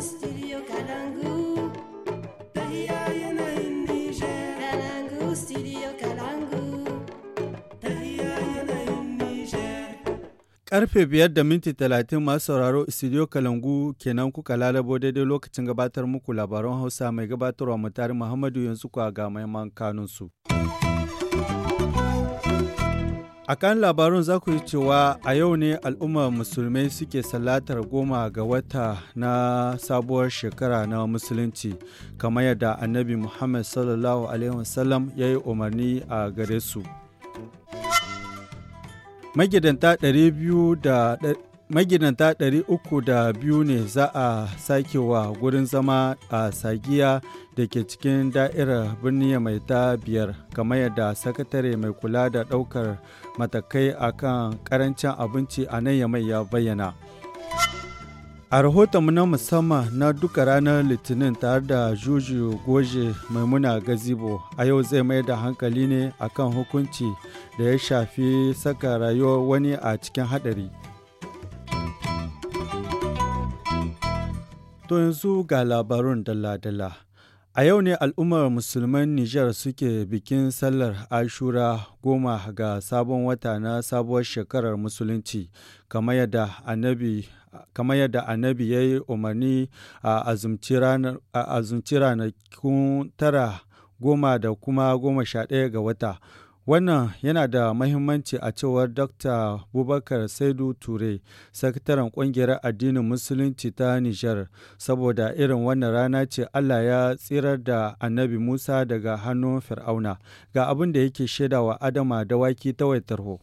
studio Karfe biyar da minti talatin masu sauraro studio Kalangu kenan kuka lalabo daidai lokacin gabatar muku labaran Hausa mai gabatarwa mutari Muhammadu yanzu kwa ga maiman kanunsu. A kan labarun za ku yi cewa a yau ne al'ummar musulmai suke salatar goma ga wata na sabuwar shekara na musulunci, kamar yadda annabi Muhammad sallallahu Alaihi wasallam ya yi umarni a gare su. Magidanta 200 maginanta 302 ne za a sake wa gurin zama a sagiya da ke cikin da'irar birni mai ta biyar kamar yadda sakatare mai kula da daukar matakai akan karancin abinci a nan yamai ya bayyana a rahotonmu na musamman na duka ranar litinin tare da juju goje maimuna gazibo a yau zai mai da hankali ne akan hukunci da ya shafi saka rayuwar wani a cikin hadari. To yanzu ga labarun dalla-dalla. A yau ne al'ummar musulman Nijar suke bikin sallar Ashura goma ga sabon wata na sabuwar shekarar Musulunci, kamar yadda annabi ya yi umarni a azumci ranakun tara goma da kuma goma sha ɗaya ga wata Wannan yana da mahimmanci a cewar Dr. Bubakar Saidu Ture, sakataren ƙungiyar addinin Musulunci ta Nijar, saboda irin wannan rana ce Allah ya tsirar da annabi Musa daga hannun Fir'auna, ga abin da yake shaidawa Adama da waki ta waitarho.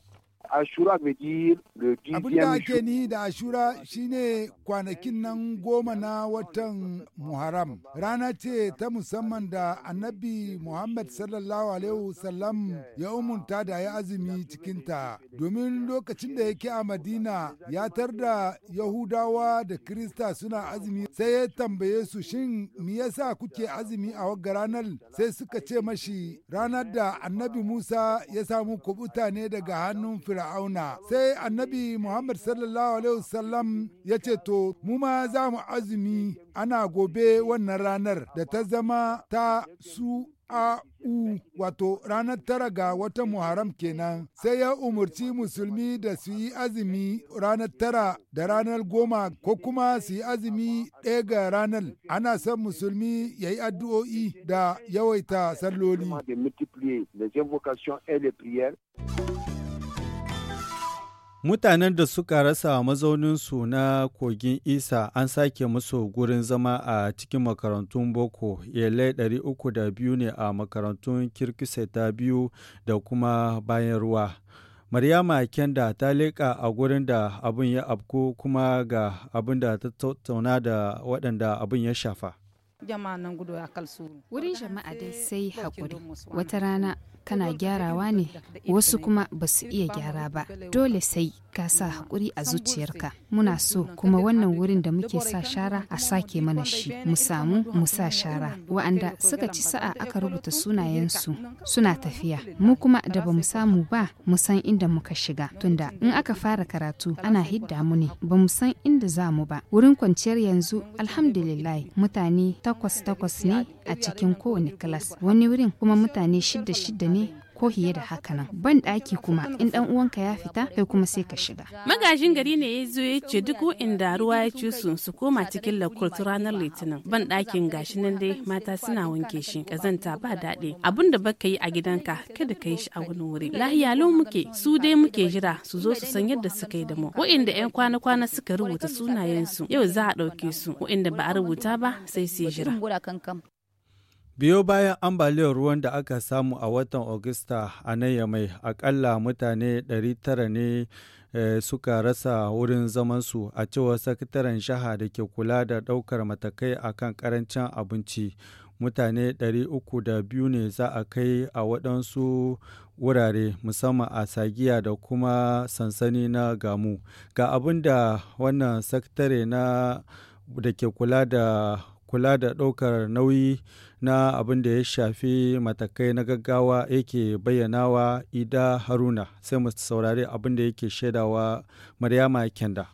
ashura le ake ni da ashura shine kwanakin nan goma na watan muharram rana ce ta musamman da annabi muhammad sallallahu alaihi wasallam ya umunta da ya azumi cikinta domin lokacin da yake a madina ya tar da yahudawa da krista suna azumi sai ya tambaye su shin me yasa kuke azumi a wagga ranar sai suka ce mashi ranar da annabi musa ya samu kubuta ne daga hannun fir fir'auna sai annabi muhammad sallallahu alaihi wasallam ya ce to mu ma za mu azumi ana gobe wannan ranar da ta zama ta su a u wato ranar tara ga wata muharam kenan sai ya umarci musulmi da su yi azumi ranar tara da ranar goma ko kuma su yi azumi ɗaya ga ranar ana son musulmi ya yi addu'o'i da yawaita salloli Mutanen da suka rasa mazauninsu na kogin Isa an sake musu gurin zama a cikin makarantun Boko, yale 302 ne a makarantun Kirkise ta biyu da kuma bayan ruwa. Maryama Kenda ta leƙa a gurin da abin ya afku kuma ga abin da ta tattauna da waɗanda abin ya shafa. wurin jama'a dai sai haƙuri wata rana kana gyarawa ne wasu kuma ba su iya gyara ba dole sai ka sa haƙuri a zuciyarka muna so kuma wannan wurin da muke sa shara a sake mana shi mu samu mu sa shara wa'anda suka ci sa'a aka rubuta sunayensu suna tafiya mu kuma da ba mu samu ba mu san inda muka shiga tunda in aka fara karatu ana hidda mu ne ba mu san inda za mu ba wurin kwanciyar yanzu alhamdulillah mutane takwas takwas ne a cikin kowane kilas wani wurin kuma mutane shida shida ne ko fiye da haka nan ban ɗaki kuma in ɗan uwanka ya fita kai kuma sai ka shiga magajin gari ne ya zo ya duk inda ruwa ya ci su su koma cikin lakurtu ranar litinin ban ɗakin gashi nan dai mata suna wanke shi kazanta ba daɗi abun da baka yi a gidanka kada ka yi shi a wani wuri lahiya lau muke su dai muke jira su zo su san yadda suka yi da mu wa'inda 'yan kwana-kwana suka rubuta sunayensu yau za a ɗauke su wa'inda ba a rubuta ba sai su jira Biyo bayan ambaliyar ruwan da aka samu a watan Agusta a nan Yamai, akalla mutane 900 ne eh, suka rasa wurin zamansu a cewa sakataren shaha da ke kula da ɗaukar matakai a kan karancin abinci. Mutane 302 ne za a kai a waɗansu wurare musamman a Sagiya da kuma sansani na Gamu. Ga abin da wannan sakatare na da ke kula da kula da ɗaukar nauyi na abin da ya shafi matakai na gaggawa yake bayyanawa ida haruna sai mu saurari abin da yake shaidawa maryama kenda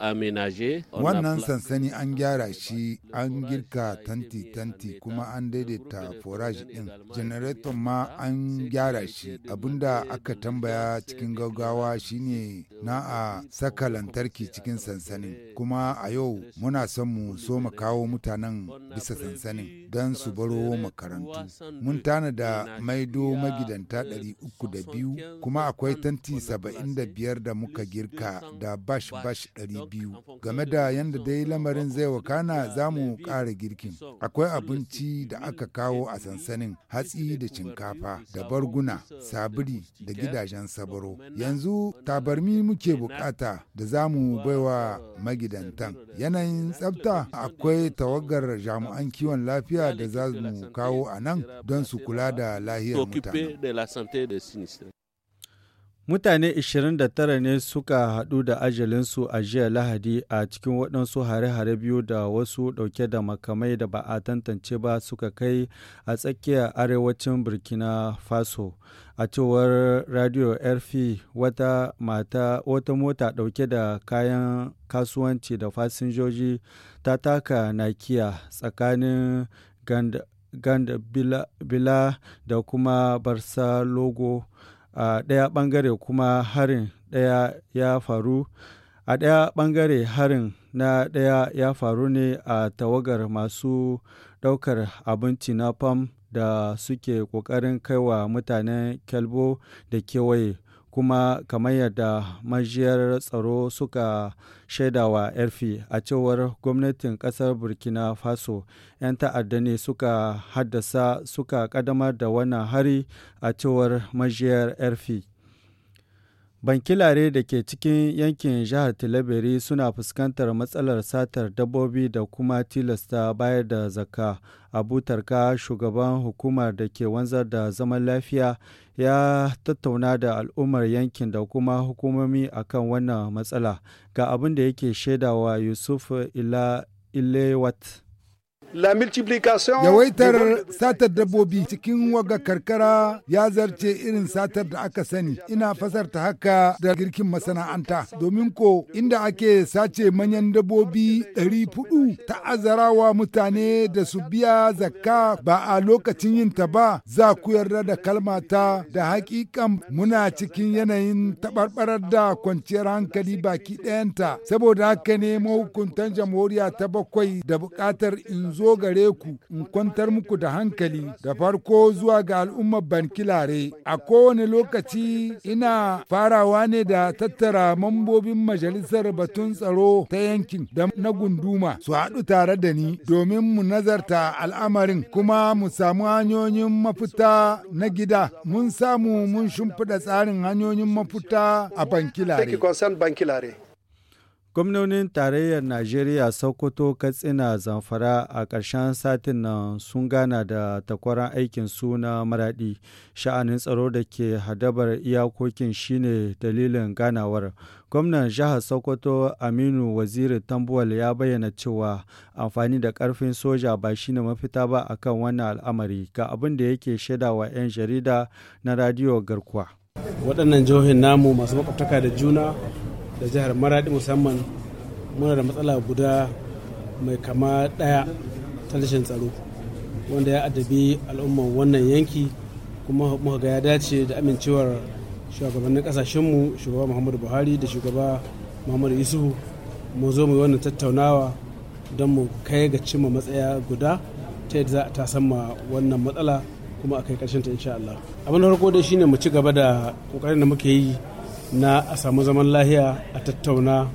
Wannan sansani an gyara shi an girka tanti-tanti kuma an daidaita forage ɗin. Generator ma an gyara shi abinda aka tambaya cikin gaggawa shine na a saka lantarki cikin sansanin kuma a yau muna son mu so mu kawo mutanen bisa sansanin don su baro makarantu. Mun tana da maido magidanta biyu kuma akwai tanti saba'in da biyar da muka girka da bash-bash 200. biyu game da yadda dai lamarin zai wakana za mu ƙara girkin akwai abinci da aka kawo a sansanin hatsi da cinkafa da barguna sabiri da gidajen sabaro yanzu tabarmi muke bukata da za mu baiwa magidantan yanayin tsabta akwai tawagar jami'an kiwon lafiya da za mu kawo a nan don su kula da lahiyar mutane Mutane 29 ne suka haɗu da ajalinsu a jiya Lahadi a cikin waɗansu hare-hare biyu da wasu ɗauke da makamai da ba a tantance ba suka kai a tsakiyar arewacin Burkina Faso. A cewar Radio RF wata mata wata mota ɗauke da kayan kasuwanci da fasinjoji ta taka nakiya tsakanin gandabila da kuma Barsa Logo. a ɗaya ɓangare kuma harin ɗaya ya faru a ɗaya ɓangare harin na ɗaya ya faru ne a tawagar masu ɗaukar abinci na fam da suke ƙoƙarin kaiwa mutanen kelbo da kewaye kuma kamar yadda majiyar tsaro suka shaidawa erfi a cewar gwamnatin kasar burkina faso 'yan ta'adda ne suka haddasa suka kadamar da wannan hari a cewar majiyar erfi Bankilare da ke cikin yankin jihar Tilaberi suna fuskantar matsalar satar dabbobi da kuma tilasta bayar da zakka. Abu Tarka, shugaban hukumar da ke wanzar da zaman lafiya, ya tattauna da al'ummar yankin da kuma hukumomi akan wannan matsala. Ga abin da yake shaidawa Yusuf Ilewat. Yawaitar satar dabbobi cikin waga karkara ya zarce irin satar da aka sani, ina fasarta haka da girkin masana'anta. Domin ko inda ake sace manyan dabbobi 400 ta azarawa mutane da su biya zakka ba a lokacin yin ta ba za ku yarda da kalmata da hakikan muna cikin yanayin tabarbarar da kwanciyar hankali baki ɗayanta. Saboda haka ne mahukuntan jamhuriya ta bakwai da buƙatar in zo gare ku in kwantar muku da hankali da farko zuwa ga al'ummar bankilare a kowane lokaci ina farawa ne da tattara mambobin majalisar batun tsaro ta yankin da na gunduma su haɗu tare da ni domin mu nazarta al'amarin kuma mu samu hanyoyin mafita na gida mun samu mun shimfiɗa tsarin hanyoyin mafita a bankilare. Gwamnonin tarayyar Najeriya Sokoto, Katsina, Zamfara a ƙarshen satin nan sun gana da takwaran aikin su na maraɗi. Sha'anin tsaro da ke hadabar iyakokin shine dalilin ganawar. Gwamnan jihar Sokoto Aminu Waziri Tambuwal ya bayyana cewa amfani da ƙarfin soja ba shine mafita ba akan wannan al'amari ga abin da yake shaidawa 'yan jarida na radiyo garkuwa. Waɗannan jihohin namu masu makwabtaka da juna da jihar maradi musamman muna da matsala guda mai kama daya ta rashin tsaro wanda ya adabi al'umman wannan yanki kuma muka ga ya dace da amincewar shugabannin kasashenmu shugaba muhammadu buhari da shugaba muhammadu yusufu mu zo mu yi wannan tattaunawa don mu kai ga cimma matsaya guda ta yadda za a ma wannan matsala kuma a kai karshen ta insha abin da farko dai shine mu ci gaba da kokarin da muke yi na a samu zaman lahiya a tattauna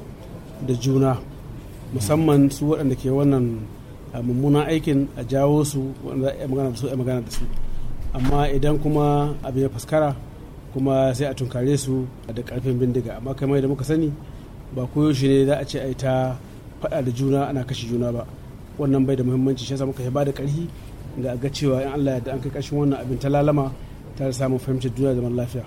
da juna musamman su waɗanda ke wannan ah, mummunan aikin a jawo su waɗanda ya a magana da su a magana da su amma idan kuma abin ya faskara kuma sai a tunkare su da ƙarfin bindiga amma kamar da muka sani ba koyaushe ne za a ce a ta faɗa da juna ana kashe juna ba wannan bai da muhimmanci shi yasa muka ba da ƙarfi ga ga cewa in Allah ya da an kai ƙarshen wannan abin ta lalama ta samun fahimtar juna da zaman lafiya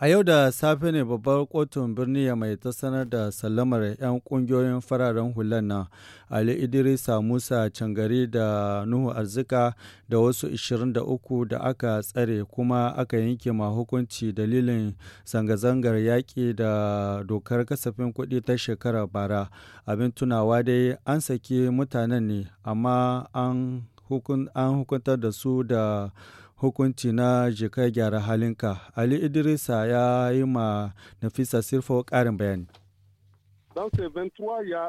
A yau da safe ne babbar kotun birni ya mai ta sanar da sallamar 'yan kungiyoyin fararen hular na Ali Idrisa Musa Cangari da Nuhu Arzika da wasu 23 da aka tsare kuma aka yanke ma hukunci dalilin zanga-zangar yaƙi da dokar kasafin kuɗi ta shekarar bara. Abin tunawa dai an saki mutanen ne amma an hukuntar da su da hukunci na jika gyara halinka ali idrisa ya yi ma nafisa sirfo karin bayani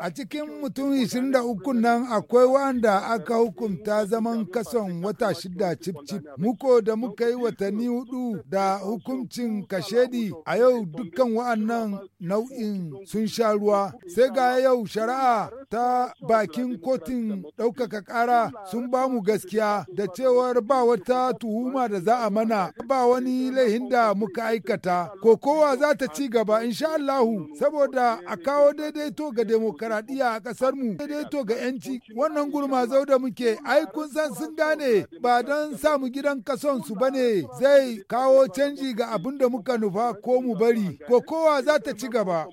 A cikin mutum 23 nan akwai wanda aka hukunta zaman kason wata shida cip-cip. Muko da muka yi watanni hudu da hukuncin kashedi a yau dukkan wa'annan nau'in sun sha ruwa. Sai ga yau shari'a ta bakin kotun ɗaukaka ƙara sun ba mu gaskiya da cewar ba wata tuhuma da za a mana ba wani laihin da muka aikata. Kokowa za ta ci gaba insha Allahu saboda a kawo daidaito ga demokaradiyya a ƙasar mu daidaito ga 'yanci wannan zau da muke ai kun san sun gane ba don samu gidan kason su bane zai kawo canji ga abin da muka nufa ko mu bari ko kowa za ta ci gaba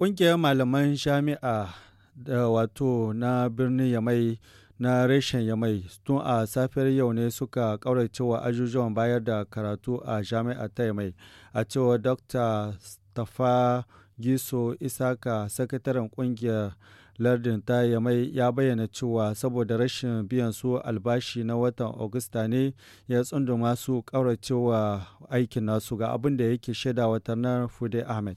ƙungiyar malaman shami'a da wato na birnin yamai na reshen yamai tun a safiyar yau ne suka ƙauracewa ajujuwan bayar da karatu a jami'a ta yamai a cewa dr Mustapha Giso Isaka, sakataren kungiyar lardin ta yamai ya bayyana cewa saboda rashin biyan su albashi na watan Agusta ne ya tsunduma masu ƙauracewa aikin nasu ga abin da yake shaida watannan Fude Ahmed.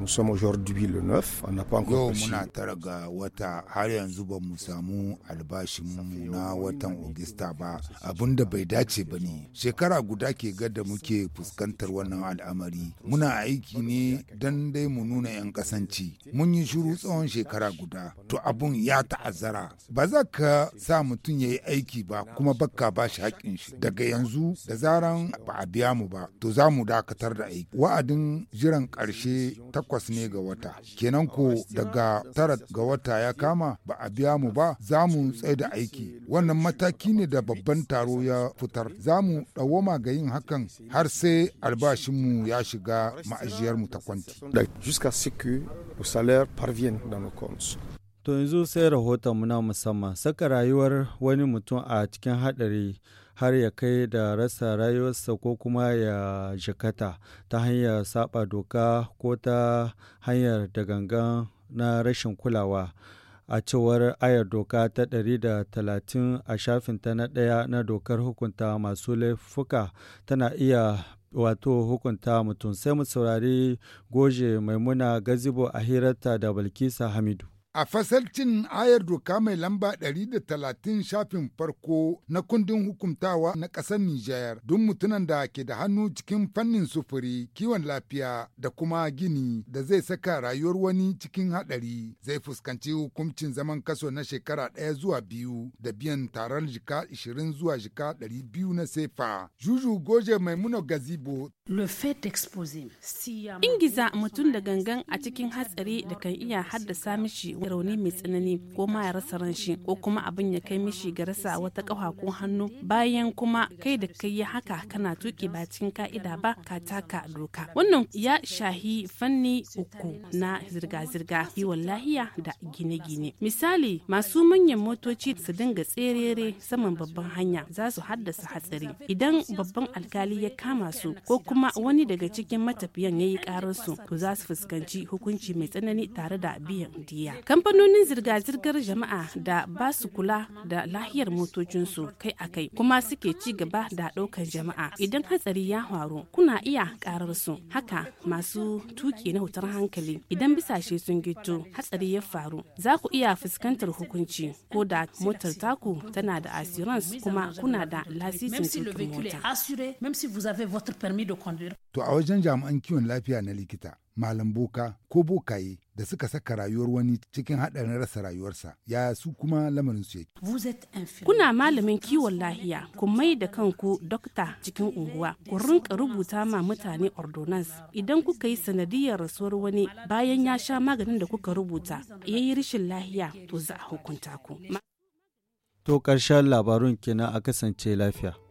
Nous sommes aujourd'hui le 9, on n'a pas encore Yau muna tara ga wata har yanzu ba mu samu albashinmu na watan Ogista ba abin da bai dace ba ne. Shekara guda ke ga da muke fuskantar wannan al'amari. Muna aiki ne don dai mu nuna 'yan kasanci. Mun yi shiru tsawon shekara guda, to abun ya ta'azzara. Ba za ka sa mutum ya yi aiki ba kuma bakka ba shi haƙƙin shi. Daga yanzu da zaran ba a biya mu ba, to za mu dakatar da aiki. Wa'adin jiran ƙarshe ta takwas ne ga wata kenan ko daga tara ga wata ya kama ba a biya mu ba za mu tsaye da aiki wannan mataki ne da babban taro ya fitar za mu dawoma ga yin hakan har sai albashinmu ya shiga ma'ajiyarmu ta kwanti To yanzu sai rahoton muna musamman saka rayuwar wani mutum a cikin haɗari har ya kai da rasa rayuwarsa ko kuma ya jikata ta hanyar saba doka ko ta hanyar da gangan na rashin kulawa. a cewar ayar doka ta 130 a shafinta na ɗaya na dokar hukunta masu laifuka tana iya wato hukunta mutum sai mu saurari goje maimuna gazibo a hirarta da balkisa hamidu A fasalcin ayar doka mai lamba 130 shafin farko na kundin hukuntawa na ƙasar Nijar don mutunan da ke da hannu cikin fannin sufuri, kiwon lafiya da kuma gini da zai saka rayuwar wani cikin haɗari zai fuskanci hukuncin zaman kaso na shekara ɗaya zuwa biyu da biyan taron jika 20 zuwa jika 200 na sefa. Juju Goje mai Gazibo. Ingiza mutum da gangan a cikin hatsari da kan iya haddasa mishi rauni mai tsanani ko ma ya rasa ran shi ko kuma abin ya kai mishi ga rasa wata kafa ko hannu bayan kuma kai da kai ya haka kana tuki ba cikin ka'ida ba ka taka doka wannan ya shahi fanni uku na zirga-zirga kiwon lahiya da gine-gine misali masu manyan motoci su dinga tserere saman babban hanya za su haddasa hatsari idan babban alkali ya kama su ko kuma wani daga cikin matafiyan ya yi karar su to za su fuskanci hukunci mai tsanani tare da biyan diya kamfanonin zirga-zirgar jama'a da ba su kula da lahiyar motocinsu kai a kai kuma suke ci gaba da ɗaukar jama'a idan hatsari ya faru kuna iya karar su haka masu tuki na wutar hankali idan bisashe sun gito hatsari ya faru za ku iya fuskantar hukunci ko da motar taku tana da assurance kuma kuna da lasisin tukin mota. To a wajen jami'an kiwon lafiya na likita, malam boka ko bokaye da suka saka rayuwar wani cikin haɗarin rasa rayuwarsa ya su kuma lamarin su Kuna malamin kiwon lahiya ku mai da kanku dokta cikin unguwa ku rinka rubuta ma mutane ordonance idan kuka yi sanadiyar rasuwar wani bayan ya sha maganin da kuka rubuta ya yi rashin lahiya to za a hukunta ku. To ƙarshen labarun kenan a kasance lafiya.